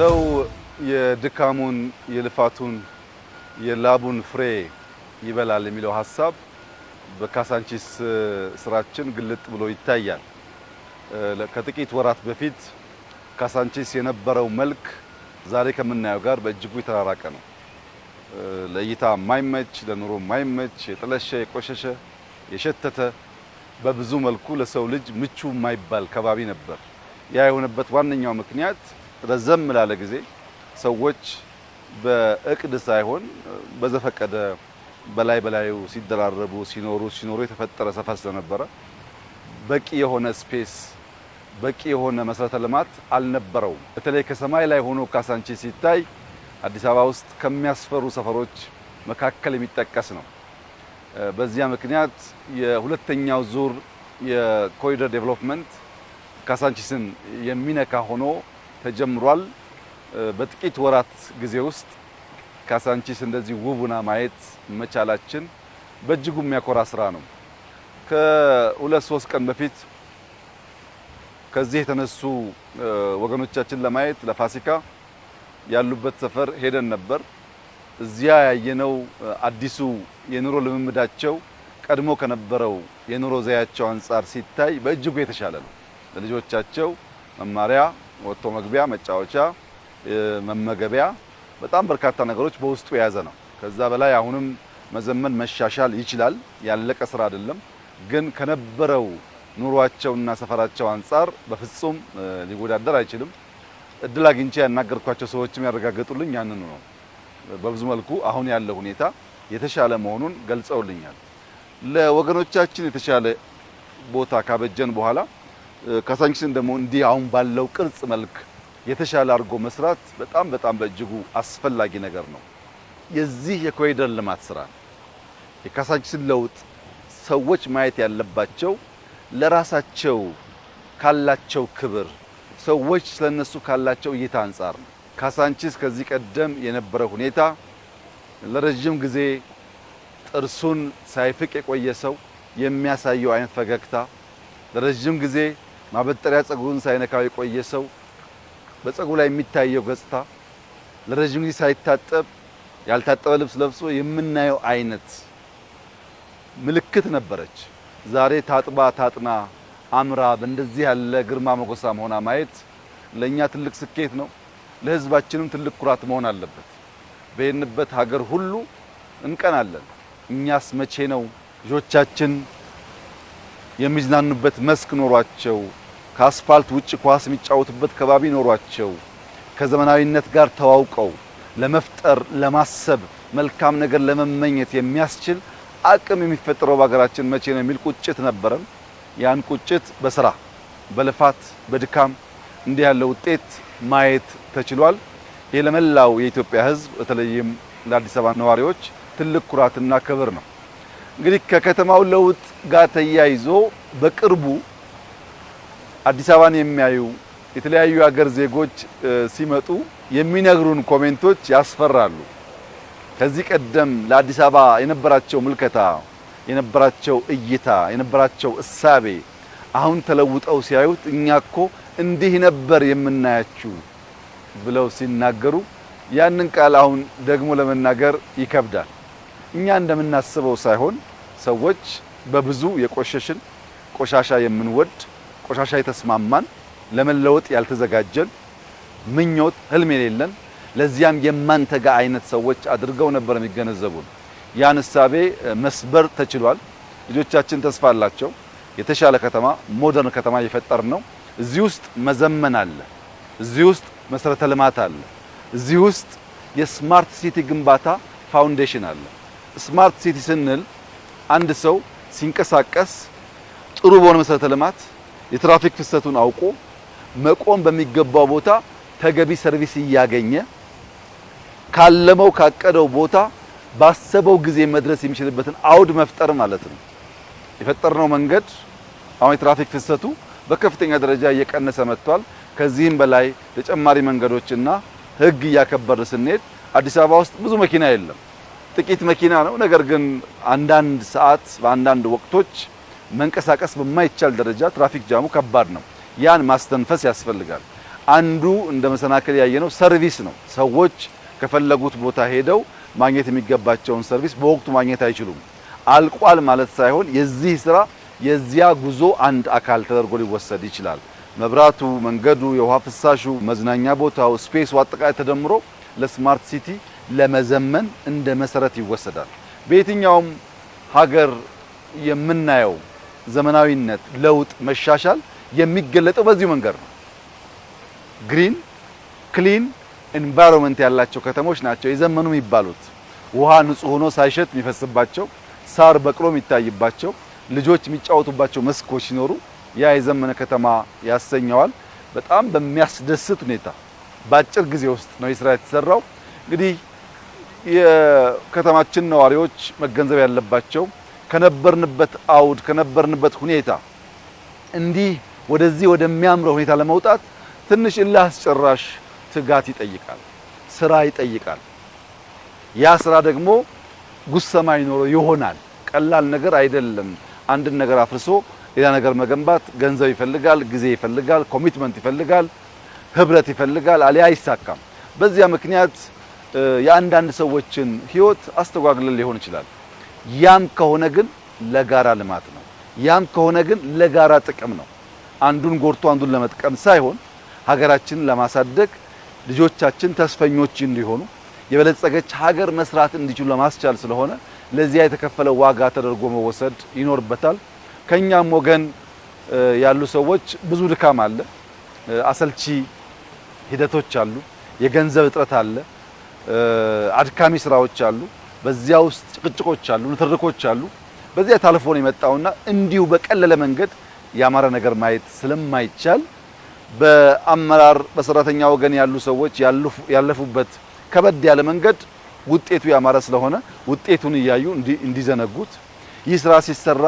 ሰው የድካሙን የልፋቱን የላቡን ፍሬ ይበላል የሚለው ሀሳብ በካሳንቺስ ስራችን ግልጥ ብሎ ይታያል። ከጥቂት ወራት በፊት ካሳንቺስ የነበረው መልክ ዛሬ ከምናየው ጋር በእጅጉ የተራራቀ ነው። ለእይታ የማይመች ለኑሮ የማይመች የጠለሸ የቆሸሸ የሸተተ በብዙ መልኩ ለሰው ልጅ ምቹ የማይባል ከባቢ ነበር። ያ የሆነበት ዋነኛው ምክንያት ረዘም ላለ ጊዜ ሰዎች በእቅድ ሳይሆን በዘፈቀደ በላይ በላዩ ሲደራረቡ ሲኖሩ ሲኖሩ የተፈጠረ ሰፈር ስለነበረ በቂ የሆነ ስፔስ በቂ የሆነ መሰረተ ልማት አልነበረውም። በተለይ ከሰማይ ላይ ሆኖ ካሳንቺ ሲታይ አዲስ አበባ ውስጥ ከሚያስፈሩ ሰፈሮች መካከል የሚጠቀስ ነው። በዚያ ምክንያት የሁለተኛው ዙር የኮሪደር ዴቨሎፕመንት ካሳንቺስን የሚነካ ሆኖ ተጀምሯል። በጥቂት ወራት ጊዜ ውስጥ ካሳንቺስ እንደዚህ ውቡና ማየት መቻላችን በእጅጉ የሚያኮራ ስራ ነው። ከሁለት ሶስት ቀን በፊት ከዚህ የተነሱ ወገኖቻችን ለማየት ለፋሲካ ያሉበት ሰፈር ሄደን ነበር። እዚያ ያየነው አዲሱ የኑሮ ልምምዳቸው ቀድሞ ከነበረው የኑሮ ዘያቸው አንጻር ሲታይ በእጅጉ የተሻለ ነው። ለልጆቻቸው መማሪያ ወጥቶ መግቢያ፣ መጫወቻ፣ መመገቢያ በጣም በርካታ ነገሮች በውስጡ የያዘ ነው። ከዛ በላይ አሁንም መዘመን መሻሻል ይችላል። ያለቀ ስራ አይደለም። ግን ከነበረው ኑሯቸውና ሰፈራቸው አንጻር በፍጹም ሊወዳደር አይችልም። እድል አግኝቼ ያናገርኳቸው ሰዎችም ያረጋገጡልኝ ያንኑ ነው። በብዙ መልኩ አሁን ያለው ሁኔታ የተሻለ መሆኑን ገልጸውልኛል። ለወገኖቻችን የተሻለ ቦታ ካበጀን በኋላ ካዛንቺስን ደግሞ እንዲህ አሁን ባለው ቅርጽ መልክ የተሻለ አድርጎ መስራት በጣም በጣም በእጅጉ አስፈላጊ ነገር ነው። የዚህ የኮሪደር ልማት ስራ የካዛንቺስን ለውጥ ሰዎች ማየት ያለባቸው ለራሳቸው ካላቸው ክብር፣ ሰዎች ስለነሱ ካላቸው እይታ አንጻር ነው። ከዚህ ቀደም የነበረ ሁኔታ ለረጅም ጊዜ ጥርሱን ሳይፍቅ የቆየ ሰው የሚያሳየው አይነት ፈገግታ ለረጅም ጊዜ ማበጠሪያ ጸጉሩን ሳይነካው የቆየ ሰው በጸጉሩ ላይ የሚታየው ገጽታ ለረጅም ጊዜ ሳይታጠብ ያልታጠበ ልብስ ለብሶ የምናየው አይነት ምልክት ነበረች። ዛሬ ታጥባ ታጥና አምራ በእንደዚህ ያለ ግርማ ሞገሳ መሆና ማየት ለእኛ ትልቅ ስኬት ነው። ለህዝባችንም ትልቅ ኩራት መሆን አለበት። በሄድንበት ሀገር ሁሉ እንቀናለን። እኛስ መቼ ነው ልጆቻችን የሚዝናኑበት መስክ ኖሯቸው ከአስፋልት ውጭ ኳስ የሚጫወቱበት ከባቢ ኖሯቸው ከዘመናዊነት ጋር ተዋውቀው ለመፍጠር ለማሰብ መልካም ነገር ለመመኘት የሚያስችል አቅም የሚፈጠረው በሀገራችን መቼ ነው የሚል ቁጭት ነበረን። ያን ቁጭት በስራ በልፋት በድካም እንዲህ ያለው ውጤት ማየት ተችሏል። ይህ ለመላው የኢትዮጵያ ሕዝብ በተለይም ለአዲስ አበባ ነዋሪዎች ትልቅ ኩራትና ክብር ነው። እንግዲህ ከከተማው ለውጥ ጋር ተያይዞ በቅርቡ አዲስ አበባን የሚያዩ የተለያዩ ሀገር ዜጎች ሲመጡ የሚነግሩን ኮሜንቶች ያስፈራሉ። ከዚህ ቀደም ለአዲስ አበባ የነበራቸው ምልከታ፣ የነበራቸው እይታ፣ የነበራቸው እሳቤ አሁን ተለውጠው ሲያዩት እኛ እኮ እንዲህ ነበር የምናያችሁ ብለው ሲናገሩ ያንን ቃል አሁን ደግሞ ለመናገር ይከብዳል። እኛ እንደምናስበው ሳይሆን ሰዎች በብዙ የቆሸሽን ቆሻሻ የምንወድ ቆሻሻ የተስማማን ለመለወጥ ያልተዘጋጀን ምኞት ህልም የሌለን ለዚያም የማንተጋ አይነት ሰዎች አድርገው ነበር የሚገነዘቡን። ያን እሳቤ መስበር ተችሏል። ልጆቻችን ተስፋ አላቸው። የተሻለ ከተማ፣ ሞደርን ከተማ እየፈጠር ነው። እዚህ ውስጥ መዘመን አለ። እዚህ ውስጥ መሰረተ ልማት አለ። እዚህ ውስጥ የስማርት ሲቲ ግንባታ ፋውንዴሽን አለ። ስማርት ሲቲ ስንል አንድ ሰው ሲንቀሳቀስ ጥሩ በሆነ መሰረተ ልማት የትራፊክ ፍሰቱን አውቆ መቆም በሚገባው ቦታ ተገቢ ሰርቪስ እያገኘ ካለመው ካቀደው ቦታ ባሰበው ጊዜ መድረስ የሚችልበትን አውድ መፍጠር ማለት ነው። የፈጠርነው መንገድ አሁን የትራፊክ ፍሰቱ በከፍተኛ ደረጃ እየቀነሰ መጥቷል። ከዚህም በላይ ተጨማሪ መንገዶችና ሕግ እያከበር ስንሄድ አዲስ አበባ ውስጥ ብዙ መኪና የለም። ጥቂት መኪና ነው። ነገር ግን አንዳንድ ሰዓት በአንዳንድ ወቅቶች መንቀሳቀስ በማይቻል ደረጃ ትራፊክ ጃሙ ከባድ ነው። ያን ማስተንፈስ ያስፈልጋል። አንዱ እንደ መሰናከል ያየነው ሰርቪስ ነው። ሰዎች ከፈለጉት ቦታ ሄደው ማግኘት የሚገባቸውን ሰርቪስ በወቅቱ ማግኘት አይችሉም። አልቋል ማለት ሳይሆን የዚህ ስራ የዚያ ጉዞ አንድ አካል ተደርጎ ሊወሰድ ይችላል። መብራቱ፣ መንገዱ፣ የውሃ ፍሳሹ፣ መዝናኛ ቦታው፣ ስፔሱ አጠቃላይ ተደምሮ ለስማርት ሲቲ ለመዘመን እንደ መሰረት ይወሰዳል። በየትኛውም ሀገር የምናየው ዘመናዊነት፣ ለውጥ፣ መሻሻል የሚገለጠው በዚሁ መንገድ ነው። ግሪን ክሊን ኤንቫይሮንመንት ያላቸው ከተሞች ናቸው የዘመኑ የሚባሉት። ውሃ ንጹህ ሆኖ ሳይሸት የሚፈስባቸው፣ ሳር በቅሎ የሚታይባቸው፣ ልጆች የሚጫወቱባቸው መስኮች ሲኖሩ ያ የዘመነ ከተማ ያሰኘዋል። በጣም በሚያስደስት ሁኔታ በአጭር ጊዜ ውስጥ ነው ስራ የተሰራው። እንግዲህ የከተማችን ነዋሪዎች መገንዘብ ያለባቸው ከነበርንበት አውድ ከነበርንበት ሁኔታ እንዲህ ወደዚህ ወደሚያምረው ሁኔታ ለመውጣት ትንሽ እልህ አስጨራሽ ትጋት ይጠይቃል፣ ስራ ይጠይቃል። ያ ስራ ደግሞ ጉሰማ ይኖረው ይሆናል። ቀላል ነገር አይደለም። አንድን ነገር አፍርሶ ሌላ ነገር መገንባት ገንዘብ ይፈልጋል፣ ጊዜ ይፈልጋል፣ ኮሚትመንት ይፈልጋል፣ ህብረት ይፈልጋል። አሊያ አይሳካም። በዚያ ምክንያት የአንዳንድ ሰዎችን ህይወት አስተጓግለን ሊሆን ይችላል። ያም ከሆነ ግን ለጋራ ልማት ነው። ያም ከሆነ ግን ለጋራ ጥቅም ነው። አንዱን ጎርቶ አንዱን ለመጥቀም ሳይሆን ሀገራችንን ለማሳደግ ልጆቻችን ተስፈኞች እንዲሆኑ የበለጸገች ሀገር መስራት እንዲችሉ ለማስቻል ስለሆነ ለዚያ የተከፈለ ዋጋ ተደርጎ መወሰድ ይኖርበታል። ከኛም ወገን ያሉ ሰዎች ብዙ ድካም አለ፣ አሰልቺ ሂደቶች አሉ፣ የገንዘብ እጥረት አለ። አድካሚ ስራዎች አሉ። በዚያ ውስጥ ጭቅጭቆች አሉ፣ ንትርኮች አሉ። በዚያ ታልፎ ነው የመጣውና እንዲሁ በቀለለ መንገድ ያማረ ነገር ማየት ስለማይቻል በአመራር በሰራተኛ ወገን ያሉ ሰዎች ያለፉበት ከበድ ያለ መንገድ ውጤቱ ያማረ ስለሆነ ውጤቱን እያዩ እንዲዘነጉት ይህ ስራ ሲሰራ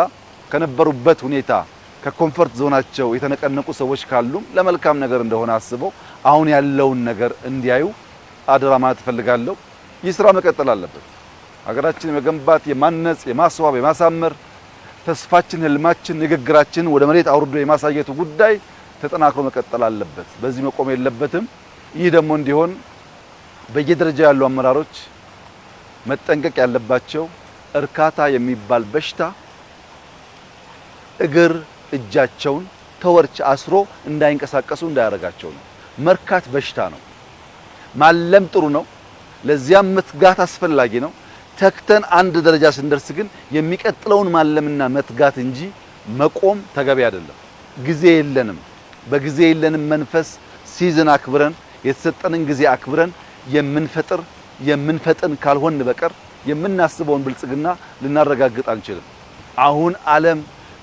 ከነበሩበት ሁኔታ ከኮንፈርት ዞናቸው የተነቀነቁ ሰዎች ካሉም ለመልካም ነገር እንደሆነ አስበው አሁን ያለውን ነገር እንዲያዩ አደራ ማለት እፈልጋለሁ። ይህ ስራ መቀጠል አለበት። ሀገራችን የመገንባት የማነጽ፣ የማስዋብ፣ የማሳመር ተስፋችን፣ ህልማችን፣ ንግግራችን ወደ መሬት አውርዶ የማሳየቱ ጉዳይ ተጠናክሮ መቀጠል አለበት። በዚህ መቆም የለበትም። ይህ ደግሞ እንዲሆን በየደረጃ ያሉ አመራሮች መጠንቀቅ ያለባቸው እርካታ የሚባል በሽታ እግር እጃቸውን ተወርች አስሮ እንዳይንቀሳቀሱ እንዳያደርጋቸው ነው። መርካት በሽታ ነው። ማለም ጥሩ ነው። ለዚያም መትጋት አስፈላጊ ነው። ተክተን አንድ ደረጃ ስንደርስ ግን የሚቀጥለውን ማለምና መትጋት እንጂ መቆም ተገቢ አይደለም። ጊዜ የለንም። በጊዜ የለንም መንፈስ ሲዝን አክብረን የተሰጠንን ጊዜ አክብረን የምንፈጥር የምንፈጥን ካልሆን በቀር የምናስበውን ብልጽግና ልናረጋግጥ አንችልም። አሁን ዓለም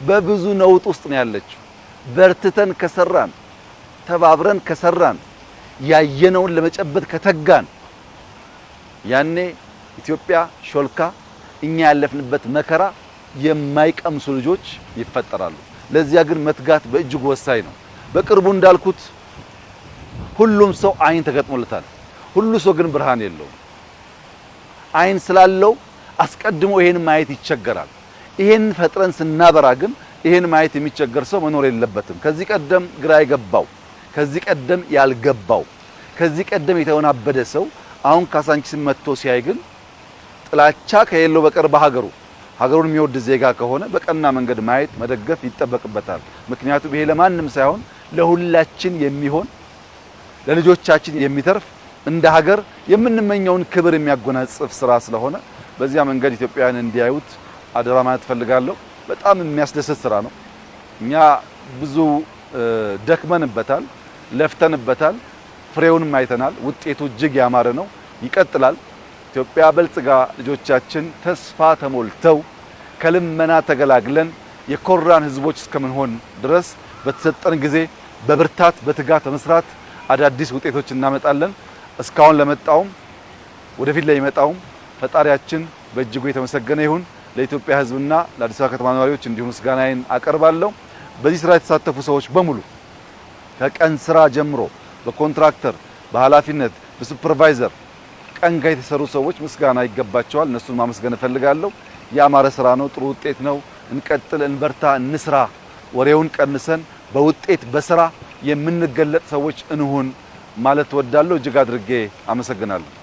በብዙ ነውጥ ውስጥ ነው ያለችው። በርትተን ከሰራን ተባብረን ከሰራን ያየነውን ለመጨበጥ ከተጋን ያኔ ኢትዮጵያ ሾልካ እኛ ያለፍንበት መከራ የማይቀምሱ ልጆች ይፈጠራሉ። ለዚያ ግን መትጋት በእጅጉ ወሳኝ ነው። በቅርቡ እንዳልኩት ሁሉም ሰው አይን ተገጥሞለታል። ሁሉ ሰው ግን ብርሃን የለውም። አይን ስላለው አስቀድሞ ይሄን ማየት ይቸገራል። ይሄን ፈጥረን ስናበራ ግን ይሄን ማየት የሚቸገር ሰው መኖር የለበትም። ከዚህ ቀደም ግራ የገባው ከዚህ ቀደም ያልገባው ከዚህ ቀደም የተወናበደ ሰው አሁን ካሳንቺስ መጥቶ ሲያይ ግን ጥላቻ ከሌለው በቀር በሀገሩ ሀገሩን የሚወድ ዜጋ ከሆነ በቀና መንገድ ማየት መደገፍ ይጠበቅበታል። ምክንያቱም ይሄ ለማንም ሳይሆን ለሁላችን የሚሆን ለልጆቻችን የሚተርፍ እንደ ሀገር የምንመኘውን ክብር የሚያጎናጽፍ ስራ ስለሆነ በዚያ መንገድ ኢትዮጵያውያን እንዲያዩት አደራ ማለት ፈልጋለሁ። በጣም የሚያስደስት ስራ ነው። እኛ ብዙ ደክመንበታል። ለፍተንበታል። ፍሬውንም አይተናል። ውጤቱ እጅግ ያማረ ነው። ይቀጥላል። ኢትዮጵያ በልጽጋ ልጆቻችን ተስፋ ተሞልተው ከልመና ተገላግለን የኮራን ህዝቦች እስከምንሆን ድረስ በተሰጠን ጊዜ በብርታት በትጋት በመስራት አዳዲስ ውጤቶች እናመጣለን። እስካሁን ለመጣውም ወደፊት ላይ ይመጣውም ፈጣሪያችን በእጅጉ የተመሰገነ ይሁን። ለኢትዮጵያ ህዝብና ለአዲስ አበባ ከተማ ነዋሪዎች እንዲሁ ምስጋናዬን አቀርባለሁ። በዚህ ስራ የተሳተፉ ሰዎች በሙሉ ከቀን ስራ ጀምሮ በኮንትራክተር በኃላፊነት በሱፐርቫይዘር ቀን ጋር የተሰሩ ሰዎች ምስጋና ይገባቸዋል። እነሱን ማመስገን እፈልጋለሁ። የአማረ ስራ ነው። ጥሩ ውጤት ነው። እንቀጥል፣ እንበርታ፣ እንስራ። ወሬውን ቀንሰን በውጤት በስራ የምንገለጥ ሰዎች እንሁን ማለት እወዳለሁ። እጅግ አድርጌ አመሰግናለሁ።